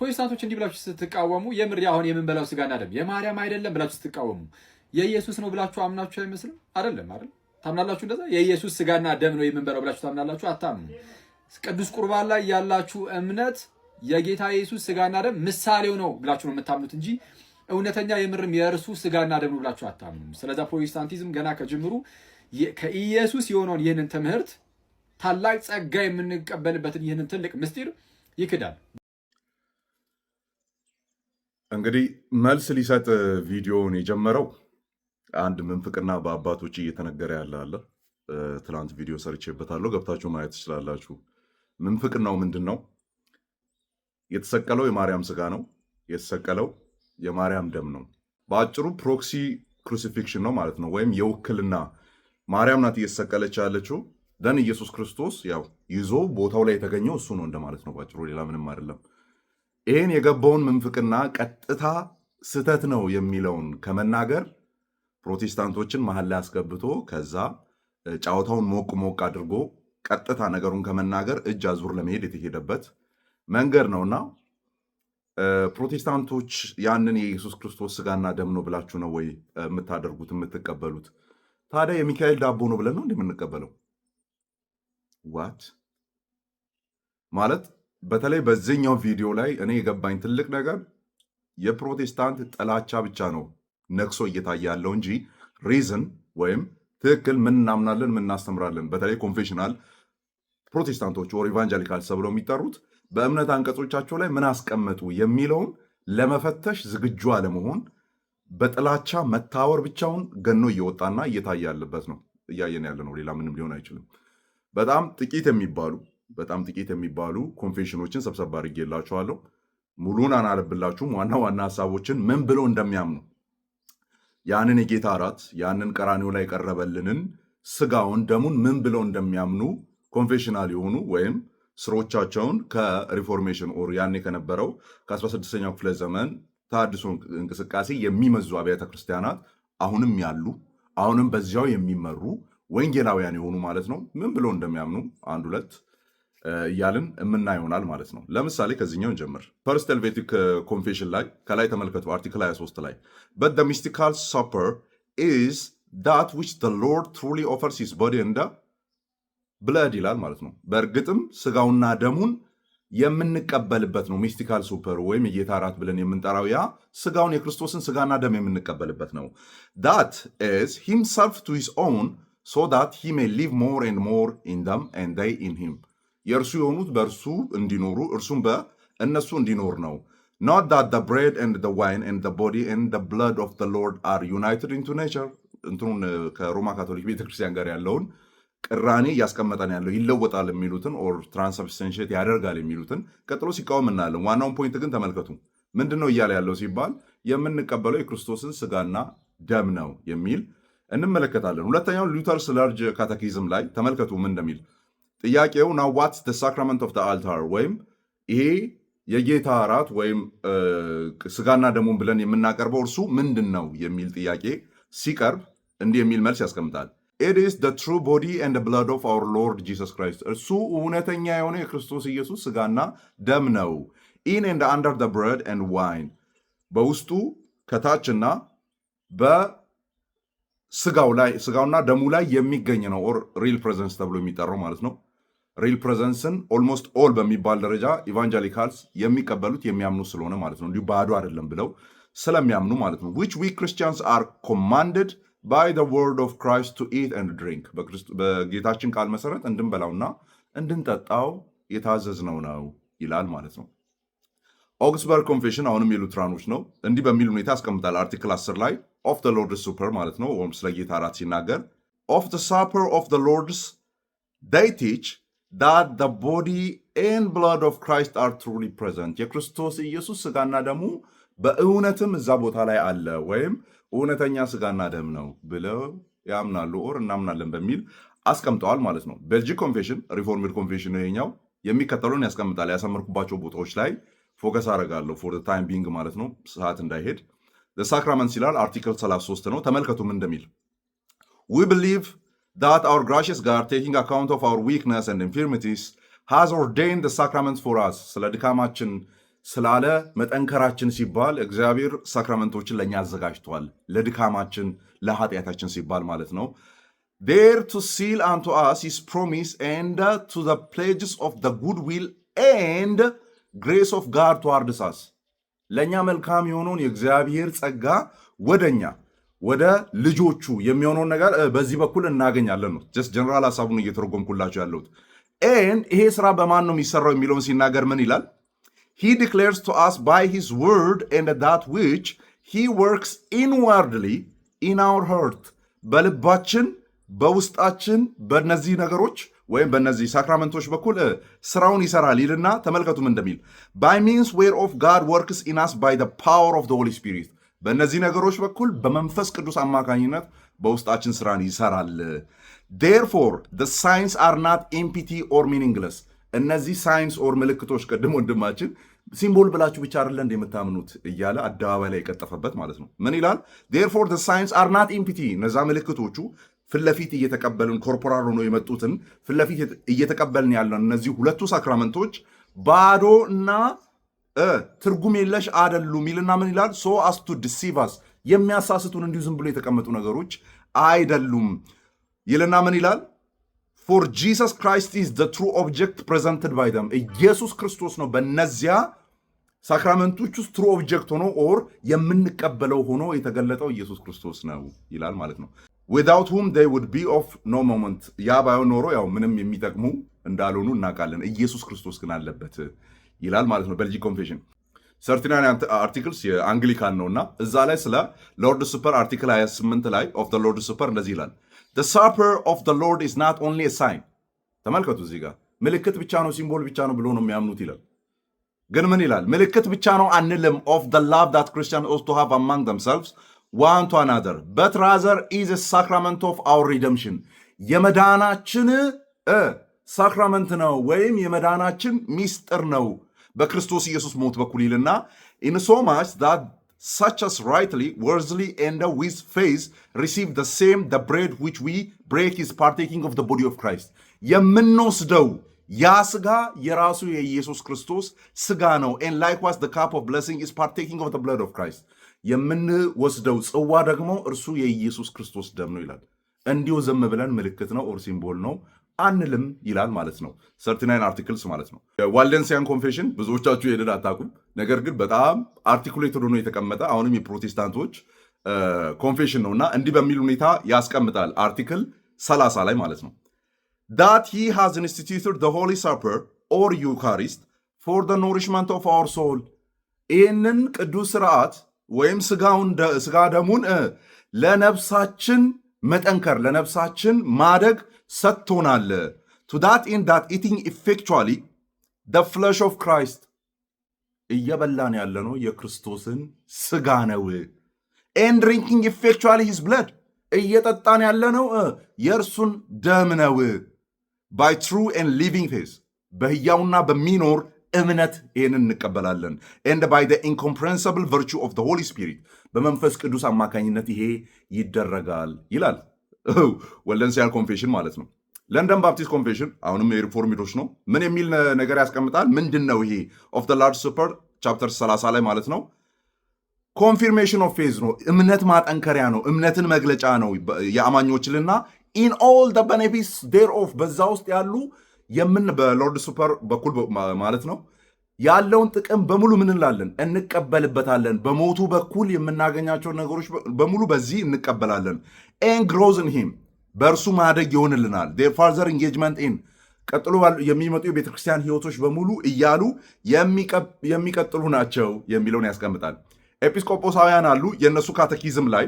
ፕሮቴስታንቶች እንዲህ ብላችሁ ስትቃወሙ የምር አሁን የምንበላው ስጋና ደም የማርያም አይደለም ብላችሁ ስትቃወሙ የኢየሱስ ነው ብላችሁ አምናችሁ አይመስልም? አይደለም አይደል? ታምናላችሁ? እንደዛ የኢየሱስ ስጋና ደም ነው የምንበላው ብላችሁ ታምናላችሁ? አታምኑ። ቅዱስ ቁርባን ላይ ያላችሁ እምነት የጌታ ኢየሱስ ስጋና ደም ምሳሌው ነው ብላችሁ ነው የምታምኑት እንጂ እውነተኛ የምርም የእርሱ ስጋና ደም ነው ብላችሁ አታምኑም። ስለዛ ፕሮቴስታንቲዝም ገና ከጅምሩ ከኢየሱስ የሆነውን ይህንን ትምህርት ታላቅ ጸጋ የምንቀበልበትን ይህንን ትልቅ ምስጢር ይክዳል። እንግዲህ መልስ ሊሰጥ ቪዲዮውን የጀመረው አንድ ምንፍቅና በአባቶች እየተነገረ ያለ አለ። ትናንት ቪዲዮ ሰርቼበታለሁ፣ ገብታችሁ ማየት ትችላላችሁ። ምንፍቅናው ምንድን ነው? የተሰቀለው የማርያም ስጋ ነው፣ የተሰቀለው የማርያም ደም ነው። በአጭሩ ፕሮክሲ ክሩሲፊክሽን ነው ማለት ነው፣ ወይም የውክልና ማርያም ናት እየተሰቀለች ያለችው ደን ኢየሱስ ክርስቶስ ያው ይዞ ቦታው ላይ የተገኘው እሱ ነው እንደማለት ነው። ባጭሩ ሌላ ምንም አይደለም። ይህን የገባውን ምንፍቅና ቀጥታ ስህተት ነው የሚለውን ከመናገር ፕሮቴስታንቶችን መሀል ላይ አስገብቶ ከዛ ጨዋታውን ሞቅ ሞቅ አድርጎ ቀጥታ ነገሩን ከመናገር እጅ አዙር ለመሄድ የተሄደበት መንገድ ነውና ፕሮቴስታንቶች ያንን የኢየሱስ ክርስቶስ ስጋና ደም ነው ብላችሁ ነው ወይ የምታደርጉት የምትቀበሉት? ታዲያ የሚካኤል ዳቦ ነው ብለን ነው እንደምንቀበለው ዋት ማለት በተለይ በዚህኛው ቪዲዮ ላይ እኔ የገባኝ ትልቅ ነገር የፕሮቴስታንት ጥላቻ ብቻ ነው ነክሶ እየታየ ያለው እንጂ ሪዝን ወይም ትክክል ምን እናምናለን ምን እናስተምራለን፣ በተለይ ኮንፌሽናል ፕሮቴስታንቶች ወር ኢቫንጀሊካልስ ተብለው የሚጠሩት በእምነት አንቀጾቻቸው ላይ ምን አስቀመጡ የሚለውን ለመፈተሽ ዝግጁ አለመሆን በጥላቻ መታወር ብቻውን ገኖ እየወጣና እየታየ ያለበት ነው እያየን ያለ ነው። ሌላ ምንም ሊሆን አይችልም። በጣም ጥቂት የሚባሉ በጣም ጥቂት የሚባሉ ኮንፌሽኖችን ሰብሰብ አድርጌላችኋለሁ። ሙሉን አናለብላችሁም። ዋና ዋና ሀሳቦችን ምን ብለው እንደሚያምኑ ያንን የጌታ እራት ያንን ቀራኒው ላይ ቀረበልንን ስጋውን ደሙን ምን ብለው እንደሚያምኑ ኮንፌሽናል የሆኑ ወይም ስሮቻቸውን ከሪፎርሜሽን ኦር ያኔ ከነበረው ከ16ኛው ክፍለ ዘመን ተሐድሶ እንቅስቃሴ የሚመዙ አብያተ ክርስቲያናት አሁንም ያሉ አሁንም በዚያው የሚመሩ ወንጌላውያን የሆኑ ማለት ነው ምን ብለው እንደሚያምኑ አንድ ሁለት እያልን የምና ይሆናል ማለት ነው። ለምሳሌ ከዚኛው እንጀምር። ፈርስት ሄልቬቲክ ኮንፌሽን ላይ ከላይ ተመልከቱ፣ አርቲክል 23 ላይ በት ሚስቲካል ሳፐር ኢዝ ዳት ዊች ዘ ሎርድ ትሩሊ ኦፈርስ ሂዝ ቦዲ እንደ ብለድ ይላል ማለት ነው። በእርግጥም ስጋውና ደሙን የምንቀበልበት ነው። ሚስቲካል ሱፐር ወይም የጌታ እራት ብለን የምንጠራው ያ ስጋውን የክርስቶስን ስጋና ደም የምንቀበልበት ነው። ዳት ኢዝ ሂምሰልፍ ቱ ሂዝ ኦውን ሶ ዳት ሂ ሜይ ሊቭ ሞር ኤንድ ሞር ኢን ደም ኤንድ ዴይ ኢን ሂም የእርሱ የሆኑት በእርሱ እንዲኖሩ እርሱም በእነሱ እንዲኖር ነው። ኖት ዳት ብሬድ ኤንድ ዋይን ኤንድ ቦዲ ኤንድ ብለድ ኦፍ ሎርድ አር ዩናይትድ ኢንቱ ኔቸር። እንትኑን ከሮማ ካቶሊክ ቤተክርስቲያን ጋር ያለውን ቅራኔ እያስቀመጠን ያለው ይለወጣል የሚሉትን ኦር ያደርጋል የሚሉትን ቀጥሎ ሲቃወም እናያለን። ዋናውን ፖይንት ግን ተመልከቱ። ምንድን ነው እያለ ያለው ሲባል የምንቀበለው የክርስቶስን ስጋና ደም ነው የሚል እንመለከታለን። ሁለተኛውን ሉተርስ ላርጅ ካተኪዝም ላይ ተመልከቱ ምን እንደሚል ጥያቄው ናው ዋትስ ደ ሳክራመንት ኦፍ ደ አልታር ወይም ይሄ የጌታ እራት ወይም ስጋና ደሙን ብለን የምናቀርበው እርሱ ምንድን ነው የሚል ጥያቄ ሲቀርብ እንዲህ የሚል መልስ ያስቀምጣል። ኢት ኢዝ ደ ትሩ ቦዲ ኤንድ ብላድ ኦፍ አወር ሎርድ ጂሰስ ክራይስት፣ እርሱ እውነተኛ የሆነ የክርስቶስ ኢየሱስ ስጋና ደም ነው። ኢን ኤንድ አንደር ደ ብረድ ኤንድ ዋይን፣ በውስጡ ከታችና በስጋው ላይ ስጋውና ደሙ ላይ የሚገኝ ነው። ኦር ሪል ፕሬዘንስ ተብሎ የሚጠራው ማለት ነው። ሪል ፕሬዘንስን ኦልሞስት ኦል በሚባል ደረጃ ኢቫንጀሊካልስ የሚቀበሉት የሚያምኑ ስለሆነ ማለት ነው። እንዲሁ ባዶ አይደለም ብለው ስለሚያምኑ ማለት ነው። ዊች ዊ ክርስቲያንስ አር ኮማንደድ ባይ ዘ ወርድ ኦፍ ክራይስት ቱ ኢት ኤንድ ድሪንክ፣ በጌታችን ቃል መሰረት እንድንበላውና እንድንጠጣው የታዘዝነው ነው ይላል ማለት ነው። ኦግስበርግ ኮንፌሽን አሁንም የሉትራኖች ነው። እንዲህ በሚል ሁኔታ ያስቀምጣል። አርቲክል 10 ላይ ኦፍ ዘ ሎርድስ ሱፐር ማለት ነው ወይም ስለ ጌታ እራት ሲናገር ኦፍ ዘ ሳፐር ኦፍ ዘ ሎርድስ ዴይ ቲች ዳት ዘ ቦዲ ኤን ብላድ ኦፍ ክራይስት አር ትሩሊ ፕሬዘንት የክርስቶስ ኢየሱስ ስጋና ደሙ በእውነትም እዛ ቦታ ላይ አለ ወይም እውነተኛ ስጋና ደም ነው ብለው ያምናሉ ኦር እናምናለን በሚል አስቀምጠዋል ማለት ነው። ቤልጂክ ኮንፌሽን ሪፎርምድ ኮንፌሽን ይሄኛው የሚከተሉን ያስቀምጣል። ያሰመርኩባቸው ቦታዎች ላይ ፎከስ አደርጋለሁ ፎር ታይም ቢንግ ማለት ነው፣ ሰዓት እንዳይሄድ። ሳክራመንት ይላል አርቲክል 33 ነው። ተመልከቱም እንደሚል ዊ ብሊቭ that our gracious God, taking account of our weakness and infirmities, has ordained the sacraments for us። ስለ ድካማችን ስላለ መጠንከራችን ሲባል እግዚአብሔር ሳክራመንቶችን ለእኛ አዘጋጅቷል። ለድካማችን ለኃጢአታችን ሲባል ማለት ነው። there to seal unto us his promise and to the pledges of the goodwill and grace of God towards us ለእኛ መልካም የሆነውን የእግዚአብሔር ጸጋ ወደኛ ወደ ልጆቹ የሚሆነውን ነገር በዚህ በኩል እናገኛለን ነው። ጀስት ጀነራል ሀሳቡን እየተረጎምኩላቸው ያለሁት ኤን ይሄ ስራ በማን ነው የሚሰራው የሚለውን ሲናገር ምን ይላል? ሂ ዲክሌርስ ቱ አስ ባይ ሂዝ ወርድ ኤንድ ዳት ዊች ሂ ወርክስ ኢንዋርድሊ ኢን አውር ሀርት በልባችን በውስጣችን በነዚህ ነገሮች ወይም በነዚህ ሳክራመንቶች በኩል ስራውን ይሰራል ይልና ተመልከቱም እንደሚል ባይ ሚንስ ዌር ኦፍ ጋድ ወርክስ አስ ባይ ፓወር ኦፍ ሆሊ ስፒሪት በእነዚህ ነገሮች በኩል በመንፈስ ቅዱስ አማካኝነት በውስጣችን ስራን ይሰራል። ዴርፎር ሳይንስ አር ናት ኤምፒቲ ኦር ሚኒንግለስ። እነዚህ ሳይንስ ኦር ምልክቶች ቅድም ወንድማችን ሲምቦል ብላችሁ ብቻ አይደለ እንደ የምታምኑት እያለ አደባባይ ላይ የቀጠፈበት ማለት ነው። ምን ይላል? ዴርፎር ሳይንስ አር ናት ኤምፒቲ። እነዛ ምልክቶቹ ፍለፊት እየተቀበልን ኮርፖራል ሆኖ የመጡትን ፍለፊት እየተቀበልን ያለን እነዚህ ሁለቱ ሳክራመንቶች ባዶ እና ትርጉም የለሽ አደሉም ይልና ምን ይላል? ሶ አስቱ ዲሲቫስ የሚያሳስቱን እንዲሁ ዝም ብሎ የተቀመጡ ነገሮች አይደሉም ይልና ምን ይላል? ፎር ጂሰስ ክራይስት ኢዝ ዘ ትሩ ኦብጀክት ፕሬዘንትድ ባይ ደም ኢየሱስ ክርስቶስ ነው በነዚያ ሳክራመንቶች ውስጥ ትሩ ኦብጀክት ሆኖ ኦር የምንቀበለው ሆኖ የተገለጠው ኢየሱስ ክርስቶስ ነው ይላል ማለት ነው። ዊዳውት ሁም ዴይ ውድ ቢ ኦፍ ኖ ሞመንት ያ ባይሆን ኖሮ ያው ምንም የሚጠቅሙ እንዳልሆኑ እናውቃለን። ኢየሱስ ክርስቶስ ግን አለበት። ይላል ማለት ነው ቤልጂክ ኮንፌሽን ሰርቲናን አርቲክልስ የአንግሊካን ነው እና እዛ ላይ ስለ ሎርድ ሱፐር አርቲክል 28 ላይ ኦፍ ሎርድ ሱፐር እንደዚህ ይላል ሳፐር ኦፍ ሎርድ ኢዝ ናት ኦንሊ ሳይን ተመልከቱ እዚህ ጋር ምልክት ብቻ ነው ሲምቦል ብቻ ነው ብሎ ነው የሚያምኑት ይላል ግን ምን ይላል ምልክት ብቻ ነው አንልም ኦፍ ላቭ ዳት ክርስቲያን ኦስ ቱ ሃቭ አማንግ ደምሰልቭስ ዋን ቱ በት ራዘር ኢዝ ሳክራመንት ኦፍ አውር ሪደምሽን የመዳናችን ሳክራመንት ነው ወይም የመዳናችን ሚስጥር ነው በክርስቶስ ኢየሱስ ሞት በኩል ይልና ኢንሶማች ሳች አስ ራይትሊ ወርዝሊ ኤንድ ዊዝ ፌዝ ሪሲቭ ሴም ብሬድ ዊች ዊ ብሬክ ፓርቴኪንግ ኦፍ ቦዲ ኦፍ ክራይስት የምንወስደው ያ ስጋ የራሱ የኢየሱስ ክርስቶስ ስጋ ነው። ኤንድ ላይክዋይዝ ደ ካፕ ኦፍ ብለሲንግ ኢዝ ፓርቴኪንግ ኦፍ ብለድ ኦፍ ክራይስት የምንወስደው ጽዋ ደግሞ እርሱ የኢየሱስ ክርስቶስ ደም ነው ይላል። እንዲሁ ዘም ብለን ምልክት ነው ኦር ሲምቦል ነው አንልም ይላል ማለት ነው። ሰርቲናይን አርቲክልስ ማለት ነው። ዋልደንሲያን ኮንፌሽን ብዙዎቻችሁ የድል አታውቁም። ነገር ግን በጣም አርቲኩሌትድ ሆኖ የተቀመጠ አሁንም የፕሮቴስታንቶች ኮንፌሽን ነው እና እንዲህ በሚል ሁኔታ ያስቀምጣል አርቲክል 30 ላይ ማለት ነው ዳት ሂ ሃዝ ኢንስቲትዩትድ ዘ ሆሊ ሰፐር ኦር ዩካሪስት ፎር ዘ ኖሪሽመንት ኦፍ አወር ሶል ይህንን ቅዱስ ስርዓት ወይም ስጋ ደሙን ለነፍሳችን መጠንከር ለነፍሳችን ማደግ ሰጥቶናል። ቱ ዳት ኢን ዳት ኢቲንግ ኢፌክቹዋሊ ደ ፍለሽ ኦፍ ክራይስት እየበላን ያለነው የክርስቶስን ስጋ ነው። ኤን ድሪንኪንግ ኢፌክቹዋሊ ሂዝ ብለድ እየጠጣን ያለነው የእርሱን ደም ነው። ባይ ትሩ ኤንድ ሊቪንግ ፌዝ በህያውና በሚኖር እምነት ይህንን እንቀበላለን። ኤንድ ባይ ደ ኢንኮምፕሬንሰብል ቨርቹ ኦፍ ሆሊ ስፒሪት በመንፈስ ቅዱስ አማካኝነት ይሄ ይደረጋል ይላል። ወልደን ሲያል ኮንፌሽን ማለት ነው። ለንደን ባፕቲስት ኮንፌሽን አሁንም የሪፎርሚዶች ነው። ምን የሚል ነገር ያስቀምጣል? ምንድን ነው ይሄ? ኦፍ ዘ ላርድ ሱፐር ቻፕተር 30 ላይ ማለት ነው። ኮንፊርሜሽን ኦፍ ፌዝ ነው። እምነት ማጠንከሪያ ነው። እምነትን መግለጫ ነው። የአማኞችልና ኢን ኦል ደ ቤኔፊትስ ዴር ኦፍ በዛ ውስጥ ያሉ የምን በሎርድ ሱፐር በኩል ማለት ነው ያለውን ጥቅም በሙሉ ምን እንላለን? እንቀበልበታለን። በሞቱ በኩል የምናገኛቸው ነገሮች በሙሉ በዚህ እንቀበላለን። ኤን ሂም በእርሱ ማደግ ይሆንልናል። ዴር ፋርዘር ኢንጌጅመንት ኢን ቀጥሎ የሚመጡ የቤተክርስቲያን ህይወቶች በሙሉ እያሉ የሚቀጥሉ ናቸው የሚለውን ያስቀምጣል። ኤጲስቆጶሳውያን አሉ። የእነሱ ካተኪዝም ላይ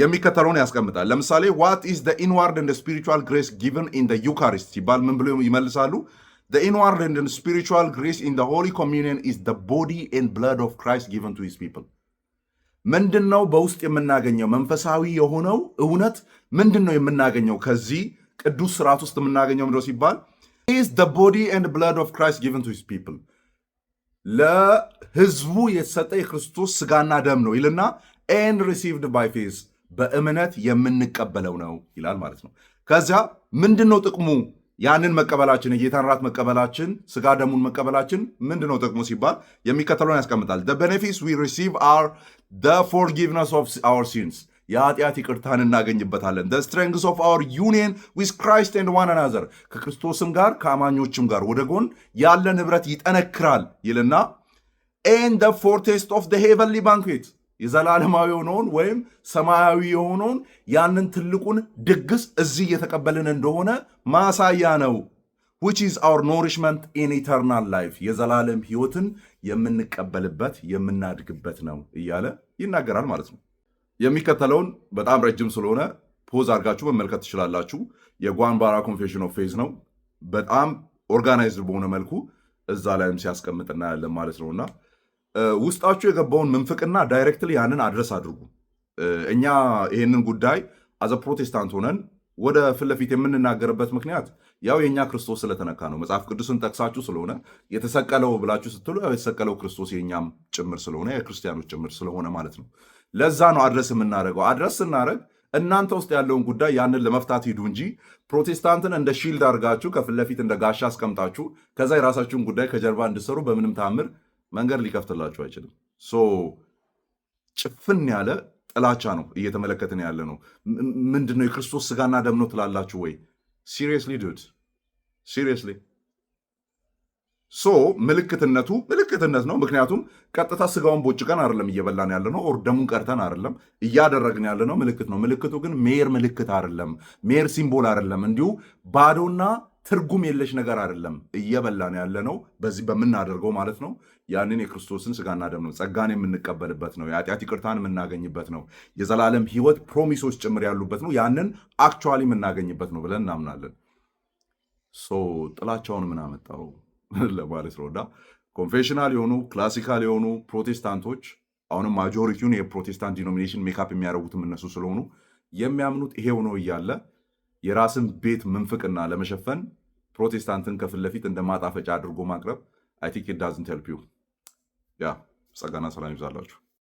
የሚከተለውን ያስቀምጣል። ለምሳሌ ዋት ኢዝ ኢንዋርድ ኤንድ ስፒሪቹዋል ግሬስ ጊቨን ኢን ዩካሪስት ሲባል ምን ብሎ ይመልሳሉ? The inward and spiritual grace in the Holy Communion is the body and blood of Christ given to his people። ምንድን ነው በውስጥ የምናገኘው መንፈሳዊ የሆነው እውነት ምንድን ነው የምናገኘው ከዚህ ቅዱስ ስርዓት ውስጥ የምናገኘው ምንድነው ሲባል ኢዝ ዘ ቦዲ ኤንድ ብላድ ኦፍ ክራይስት ጊቨን ቱ ሂዝ ፒፕል ለህዝቡ የተሰጠ የክርስቶስ ስጋና ደም ነው ይልና ኤንድ ሪሲቭድ ባይ ፌዝ በእምነት የምንቀበለው ነው ይላል ማለት ነው። ከዚያ ምንድን ነው ጥቅሙ ያንን መቀበላችን የጌታን ራት መቀበላችን ስጋ ደሙን መቀበላችን ምንድን ነው ጥቅሙ ሲባል የሚከተለውን ያስቀምጣል። ቤኔፊትስ ዊ ሪሲቭ አር ፎርጊቭነስ ኦፍ አወር ሲንስ የኃጢአት ይቅርታን እናገኝበታለን። ስትሬንግስ ኦፍ አወር ዩኒየን ዊዝ ክራይስት ኤንድ ዋን አናዘር ከክርስቶስም ጋር ከአማኞችም ጋር ወደ ጎን ያለ ንብረት ይጠነክራል ይልና ኤንድ ፎርቴስት ኦፍ ሄቨንሊ ባንኩዌት የዘላለማዊ የሆነውን ወይም ሰማያዊ የሆነውን ያንን ትልቁን ድግስ እዚህ እየተቀበልን እንደሆነ ማሳያ ነው። ዊች ኢዝ አወር ኖሪሽመንት ኢን ኢተርናል ላይፍ የዘላለም ህይወትን የምንቀበልበት የምናድግበት ነው እያለ ይናገራል ማለት ነው። የሚከተለውን በጣም ረጅም ስለሆነ ፖዝ አድርጋችሁ መመልከት ትችላላችሁ። የጓንባራ ኮንፌሽን ኦፍ ፌዝ ነው። በጣም ኦርጋናይዝድ በሆነ መልኩ እዛ ላይም ሲያስቀምጥ እናያለን ማለት ነውና ውስጣችሁ የገባውን ምንፍቅና ዳይሬክትሊ ያንን አድረስ አድርጉ። እኛ ይህንን ጉዳይ አዘ ፕሮቴስታንት ሆነን ወደ ፊት ለፊት የምንናገርበት ምክንያት ያው የእኛ ክርስቶስ ስለተነካ ነው። መጽሐፍ ቅዱስን ጠቅሳችሁ ስለሆነ የተሰቀለው ብላችሁ ስትሉ ያው የተሰቀለው ክርስቶስ የእኛም ጭምር ስለሆነ የክርስቲያኖች ጭምር ስለሆነ ማለት ነው። ለዛ ነው አድረስ የምናደርገው። አድረስ ስናደርግ እናንተ ውስጥ ያለውን ጉዳይ ያንን ለመፍታት ሂዱ እንጂ ፕሮቴስታንትን እንደ ሺልድ አድርጋችሁ ከፊት ለፊት እንደ ጋሻ አስቀምጣችሁ ከዛ የራሳችሁን ጉዳይ ከጀርባ እንድሰሩ በምንም ታምር መንገድ ሊከፍትላቸው አይችልም። ጭፍን ያለ ጥላቻ ነው እየተመለከትን ያለ ነው። ምንድን ነው የክርስቶስ ስጋና ደም ነው ትላላችሁ ወይ? ሲሪየስሊ ዱድ ሲሪየስሊ። ሶ ምልክትነቱ ምልክትነት ነው። ምክንያቱም ቀጥታ ስጋውን ቦጭቀን አይደለም እየበላን ያለ ነው፣ ኦር ደሙን ቀርተን አይደለም እያደረግን ያለ ነው። ምልክት ነው። ምልክቱ ግን ሜር ምልክት አይደለም፣ ሜር ሲምቦል አይደለም። እንዲሁ ባዶና ትርጉም የለሽ ነገር አይደለም እየበላን ያለ ነው። በዚህ በምናደርገው ማለት ነው ያንን የክርስቶስን ስጋና ደም ነው። ጸጋን የምንቀበልበት ነው። የኃጢአት ይቅርታን የምናገኝበት ነው። የዘላለም ሕይወት ፕሮሚሶች ጭምር ያሉበት ነው። ያንን አክቹዋሊ የምናገኝበት ነው ብለን እናምናለን። ጥላቻውን ምን አመጣው ለማለት ነው። እና ኮንፌሽናል የሆኑ ክላሲካል የሆኑ ፕሮቴስታንቶች አሁንም ማጆሪቲውን የፕሮቴስታንት ዲኖሚኔሽን ሜካፕ የሚያደርጉትም እነሱ ስለሆኑ የሚያምኑት ይሄው ነው እያለ የራስን ቤት ምንፍቅና ለመሸፈን ፕሮቴስታንትን ከፊት ለፊት እንደ ማጣፈጫ አድርጎ ማቅረብ አይ ቲንክ ዳዝንት ሄልፕ ዩ። ያ ጸጋና ሰላም ይብዛላችሁ።